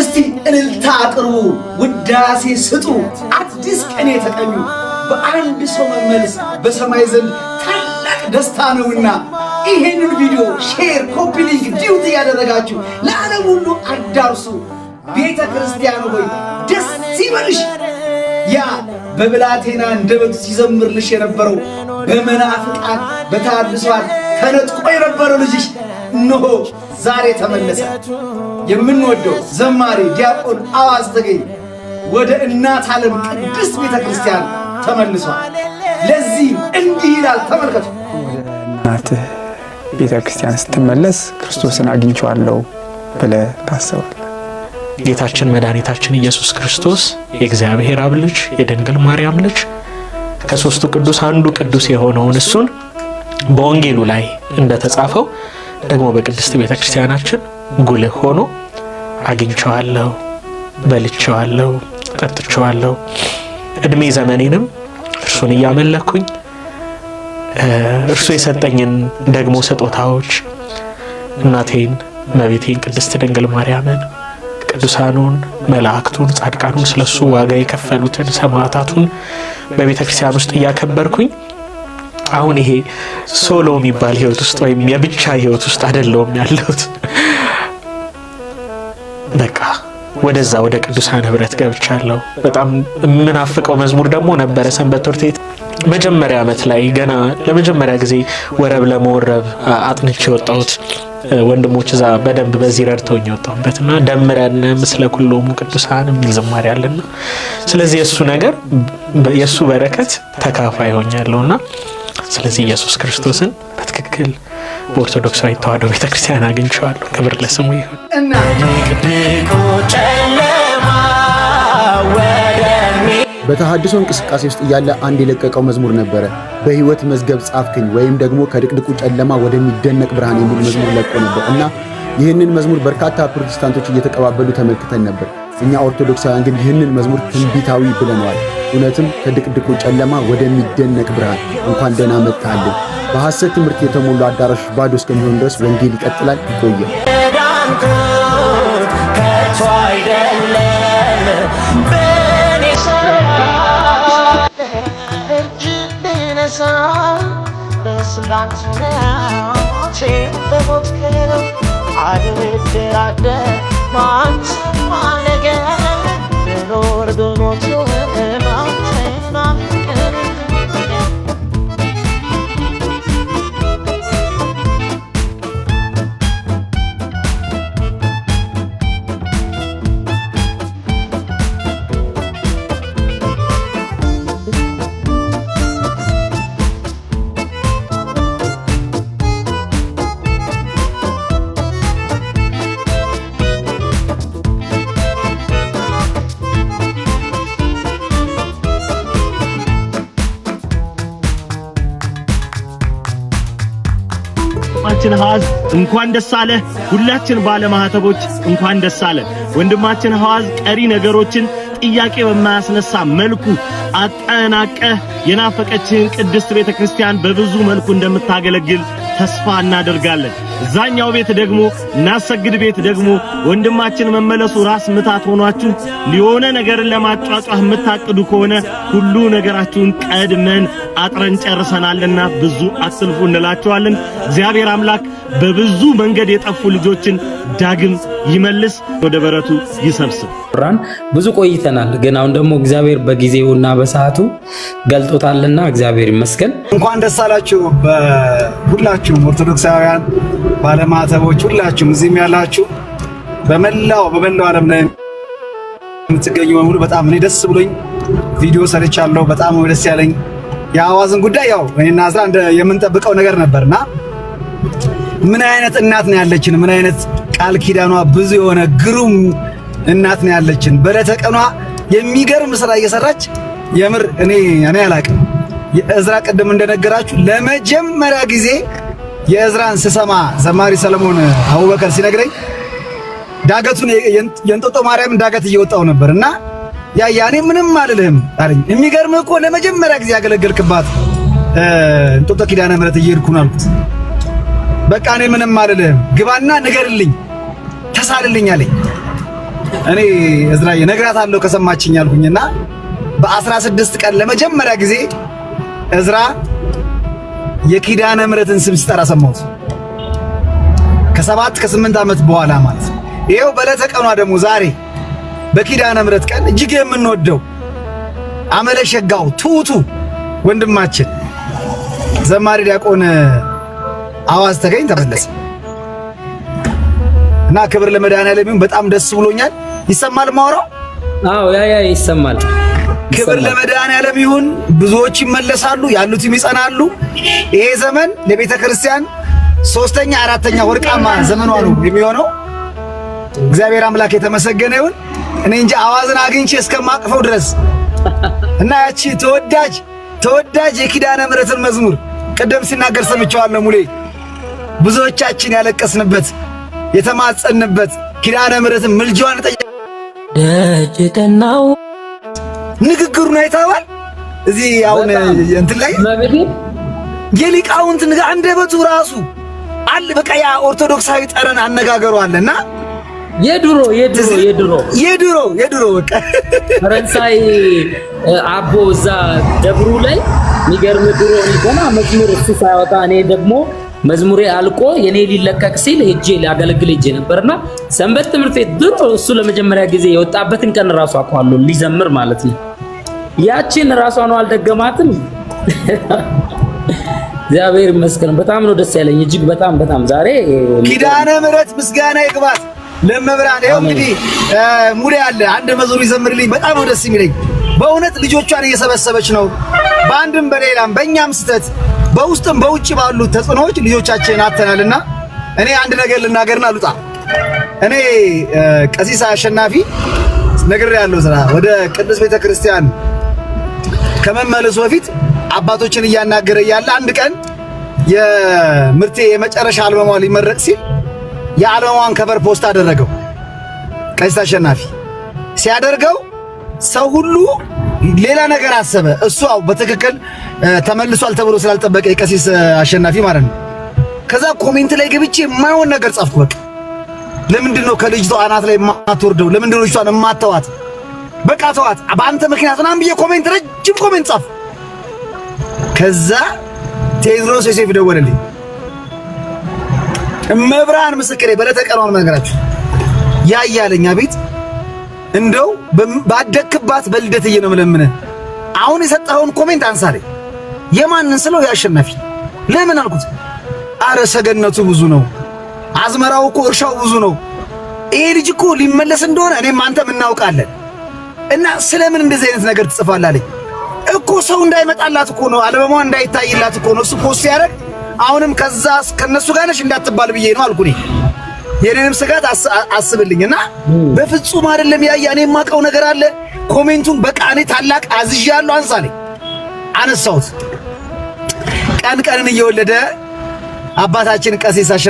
እስቲ እልልታ አቅርቡ፣ ውዳሴ ስጡ፣ አዲስ ቀን የተቀኙ በአንድ ሰው መመለስ በሰማይ ዘንድ ታላቅ ደስታ ነውና ይሄንን ቪዲዮ ሼር፣ ኮፒ ሊንክ፣ ዲዩት እያደረጋችሁ ለዓለም ሁሉ አዳርሱ። ቤተ ክርስቲያን ሆይ ደስ ይበልሽ። ያ በብላቴና አንደበት ሲዘምርልሽ የነበረው በመናፍቃን በተሐድሷን ተነጥቆ የነበረው ልጅሽ እነሆ ዛሬ ተመለሰ። የምንወደው ዘማሪ ዲያቆን አዋዝ ተገኝ ወደ እናት ዓለም ቅድስት ቤተ ክርስቲያን ተመልሷል። ለዚህም እንዲህ ይላል፣ ተመልከቱ። እናትህ ቤተ ክርስቲያን ስትመለስ ክርስቶስን አግኝቼዋለሁ ብለህ ታስባለህ። ጌታችን መድኃኒታችን ኢየሱስ ክርስቶስ የእግዚአብሔር አብ ልጅ፣ የድንግል ማርያም ልጅ ከሦስቱ ቅዱስ አንዱ ቅዱስ የሆነውን እሱን በወንጌሉ ላይ እንደተጻፈው ደግሞ በቅድስት ቤተ ክርስቲያናችን ጉልህ ሆኖ አግኝቸዋለሁ፣ በልቸዋለሁ፣ ጠጥቸዋለሁ እድሜ ዘመኔንም እርሱን እያመለኩኝ እርሱ የሰጠኝን ደግሞ ስጦታዎች እናቴን መቤቴን ቅድስት ድንግል ማርያምን ቅዱሳኑን መላእክቱን ጻድቃኑን ስለሱ ዋጋ የከፈሉትን ሰማዕታቱን በቤተ ክርስቲያን ውስጥ እያከበርኩኝ አሁን ይሄ ሶሎ የሚባል ህይወት ውስጥ ወይም የብቻ ህይወት ውስጥ አይደለውም ያለሁት። በቃ ወደዛ ወደ ቅዱሳን ህብረት ገብቻለሁ። በጣም የምናፍቀው መዝሙር ደግሞ ነበረ ሰንበት ትምህርት ቤት መጀመሪያ ዓመት ላይ ገና ለመጀመሪያ ጊዜ ወረብ ለመወረብ አጥንቼ የወጣሁት ወንድሞች እዛ በደንብ በዚህ ረድተውኝ የወጣሁበት እና ደምረን ምስለ ኩሎሙ ቅዱሳን የሚል ዝማሬ አለና ስለዚህ የእሱ ነገር የእሱ በረከት ተካፋይ ሆኛለሁ እና ስለዚህ ኢየሱስ ክርስቶስን በትክክል በኦርቶዶክሳዊ ተዋሕዶ ቤተክርስቲያን አግኝቼዋለሁ። ክብር ለስሙ ይሁን። እንቅስቃሴ ውስጥ እያለ አንድ የለቀቀው መዝሙር ነበረ። በህይወት መዝገብ ጻፍክኝ ወይም ደግሞ ከድቅድቁ ጨለማ ወደሚደነቅ ብርሃን የሚል መዝሙር ለቆ ነበር እና ይህንን መዝሙር በርካታ ፕሮቴስታንቶች እየተቀባበሉ ተመልክተን ነበር። እኛ ኦርቶዶክሳውያን ግን ይህንን መዝሙር ትንቢታዊ ብለነዋል። እውነትም ከድቅድቁ ጨለማ ወደሚደነቅ ብርሃን እንኳን ደህና መጣህልን። በሐሰት ትምህርት የተሞሉ አዳራሽ ባዶ እስከሚሆን ድረስ ወንጌል ይቀጥላል። ይቆየ Sun, the take the boat አልደራደር ማን ማለገ ብኖር ብሞት ወንድማችን ሐዋዝ እንኳን ደስ አለ። ሁላችን ባለማህተቦች እንኳን ደስ አለ። ወንድማችን ሐዋዝ ቀሪ ነገሮችን ጥያቄ በማያስነሳ መልኩ አጠናቀህ የናፈቀችህን ቅድስት ቤተክርስቲያን በብዙ መልኩ እንደምታገለግል ተስፋ እናደርጋለን። እዛኛው ቤት ደግሞ እናሰግድ ቤት ደግሞ ወንድማችን መመለሱ ራስ ምታት ሆኗችሁ ሊሆነ ነገርን ለማጫጫህ የምታቅዱ ከሆነ ሁሉ ነገራችሁን ቀድመን አጥረን ጨርሰናልና ብዙ አትልፉ እንላችኋለን። እግዚአብሔር አምላክ በብዙ መንገድ የጠፉ ልጆችን ዳግም ይመልስ፣ ወደ በረቱ ይሰብስብ። ቁራን ብዙ ቆይተናል፣ ግን አሁን ደግሞ እግዚአብሔር በጊዜውና በሰዓቱ ገልጦታልና እግዚአብሔር ይመስገን። እንኳን ደስ አላችሁ ሁላችሁም ኦርቶዶክሳውያን ባለማተቦች ሁላችሁም እዚህም ያላችሁ በመላው በመላው ዓለም ላይ የምትገኙ በሙሉ በጣም እኔ ደስ ብሎኝ ቪዲዮ ሰርቻለሁ። በጣም ደስ ያለኝ የአዋዝን ጉዳይ ያው እኔና አስራ እንደ የምንጠብቀው ነገር ነበርና ምን አይነት እናት ነው ያለችን? ምን አይነት ቃል ኪዳኗ ብዙ የሆነ ግሩም እናት ነው ያለችን። በዕለተ ቀኗ የሚገርም ስራ እየሰራች የምር እኔ እኔ አላቅም። እዝራ ቅድም እንደነገራችሁ ለመጀመሪያ ጊዜ የእዝራን ስሰማ ዘማሪ ሰለሞን አቡበከር ሲነግረኝ ዳገቱን የእንጦጦ ማርያምን ዳገት እየወጣው ነበር እና ያ ያኔ ምንም አልልህም አለኝ። የሚገርም እኮ ለመጀመሪያ ጊዜ ያገለገልክባት እንጦጦ ኪዳነ ምሕረት እየሄድኩ ነው አልኩት። በቃ እኔ ምንም አልልህም ግባና ንገርልኝ፣ ተሳልልኝ አለኝ። እኔ እዝራዬ እነግራታለሁ ከሰማችኝ አልኩኝና በአስራ ስድስት ቀን ለመጀመሪያ ጊዜ እዝራ የኪዳነ ምሕረትን ስም ሲጠራ ሰማሁት። ከሰባት ከስምንት ዓመት በኋላ ማለት ነው። ይኸው በዕለተ ቀኗ ደግሞ ዛሬ በኪዳነ ምሕረት ቀን እጅግ የምንወደው አመለሸጋው ሸጋው ትሑቱ ወንድማችን ዘማሪ ዲያቆን አዋዝ ተገኝ ተመለሰ እና ክብር ለመድኃኔዓለም ይሁን። በጣም ደስ ብሎኛል። ይሰማል ማውራው? አዎ ያ ያ ይሰማል። ክብር ለመድኃኔዓለም ይሁን። ብዙዎች ይመለሳሉ፣ ያሉትም ይጸናሉ። ይሄ ዘመን ለቤተ ክርስቲያን ሶስተኛ አራተኛ ወርቃማ ዘመኗ ነው የሚሆነው። እግዚአብሔር አምላክ የተመሰገነ ይሁን። እኔ እንጂ አዋዝን አግኝቼ እስከማቅፈው ድረስ እና ያቺ ተወዳጅ ተወዳጅ የኪዳነ ምሕረትን መዝሙር ቅድም ሲናገር ሰምቼዋለሁ። ሙሌ ብዙዎቻችን ያለቀስንበት የተማጸንበት ኪዳነ ምሕረትን ምልጃዋን ጠየቅ ደጅ ንግግሩን አይተኸዋል? እዚህ አሁን እንትን ላይ የሊቃውንት ንጋ አንደበቱ ራሱ አለ። በቃ ያ ኦርቶዶክሳዊ ጠረን አነጋገሩ አለና የድሮ የድሮ የድሮ የድሮ የድሮ በቃ ፈረንሳይ አቦ እዛ ደብሩ ላይ የሚገርም ድሮ ሆና መዝሙር እሱ ሳያወጣ እኔ ደግሞ መዝሙሬ አልቆ የኔ ሊለቀቅ ሲል ሄጄ ላገለግል ሄጄ ነበርና ሰንበት ትምህርት ቤት ድሮ እሱ ለመጀመሪያ ጊዜ የወጣበትን ቀን ራሱ አውቀዋለሁ፣ ሊዘምር ማለት ነው። ያችን ራሷ ነው አልደገማትም። እግዚአብሔር ይመስገን፣ በጣም ነው ደስ ያለኝ። እጅግ በጣም በጣም ዛሬ ኪዳነ ምሕረት ምስጋና ይግባት ለመብራን። ይኸው እንግዲህ ሙሌ አለ አንድ መዝሙር ይዘምርልኝ። በጣም ነው ደስ የሚለኝ በእውነት ልጆቿን እየሰበሰበች ነው፣ በአንድም በሌላም በእኛም ስህተት በውስጥም በውጭ ባሉ ተጽዕኖዎች ልጆቻችን አተናልና እኔ አንድ ነገር ልናገርና ልውጣ። እኔ ቀሲስ አሸናፊ ነገር ያለው ስራ ወደ ቅዱስ ቤተ ክርስቲያን ከመመለሱ በፊት አባቶችን እያናገረ እያለ አንድ ቀን የምርቴ የመጨረሻ አልበሟ ሊመረቅ ሲል የአልበሟን ከበር ፖስት አደረገው። ቀሲስ አሸናፊ ሲያደርገው ሰው ሁሉ ሌላ ነገር አሰበ። እሱ አው በትክክል ተመልሷል ተብሎ ስላልጠበቀ የቀሲስ አሸናፊ ማለት ነው። ከዛ ኮሜንት ላይ ገብቼ የማይሆን ነገር ጻፍኩ። በቃ ለምንድን ነው ከልጅቷ አናት ላይ የማትወርደው? ለምንድን ነው ልጅቷን የማትተዋት? በቃ ተዋት በአንተ ምክንያት ምናምን ብዬ ኮሜንት፣ ረጅም ኮሜንት ጻፍ። ከዛ ቴዎድሮስ ዮሴፍ ደወለልኝ። እመብርሃን ምስክሬ በለተቀናውን ነገራችሁ ያያለኛ ቤት እንደው ባደክባት በልደትዬ ነው የምለምንህ። አሁን የሰጠኸውን ኮሜንት አንሳሌ የማንን ስለው የአሸናፊ ለምን አልኩት። አረ ሰገነቱ ብዙ ነው፣ አዝመራው እኮ እርሻው ብዙ ነው። ይሄ ልጅ እኮ ሊመለስ እንደሆነ እኔም አንተም እናውቃለን። እና ስለምን እንደዚህ አይነት ነገር ትጽፋላለች እኮ ሰው እንዳይመጣላት እኮ ነው፣ አለበሟ እንዳይታይላት እኮ ነው እሱ ፖስት ያደረግ። አሁንም ከዛ ከነሱ ጋር ነሽ እንዳትባል ብዬ ነው አልኩኔ። የኔንም ስጋት አስብልኝና በፍጹም አይደለም ያያ እኔ የማውቀው ነገር አለ። ኮሜንቱን በቃ እኔ ታላቅ አዝዣለሁ አንሳለኝ አነሳውት ቀን ቀንን እየወለደ አባታችን ቀሲስ